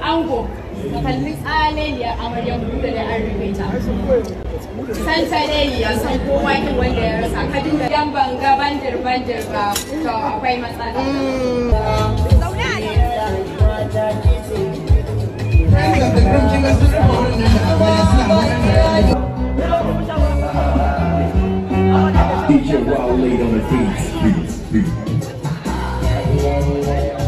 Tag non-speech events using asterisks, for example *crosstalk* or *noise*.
ango ka laid on the beat, *laughs*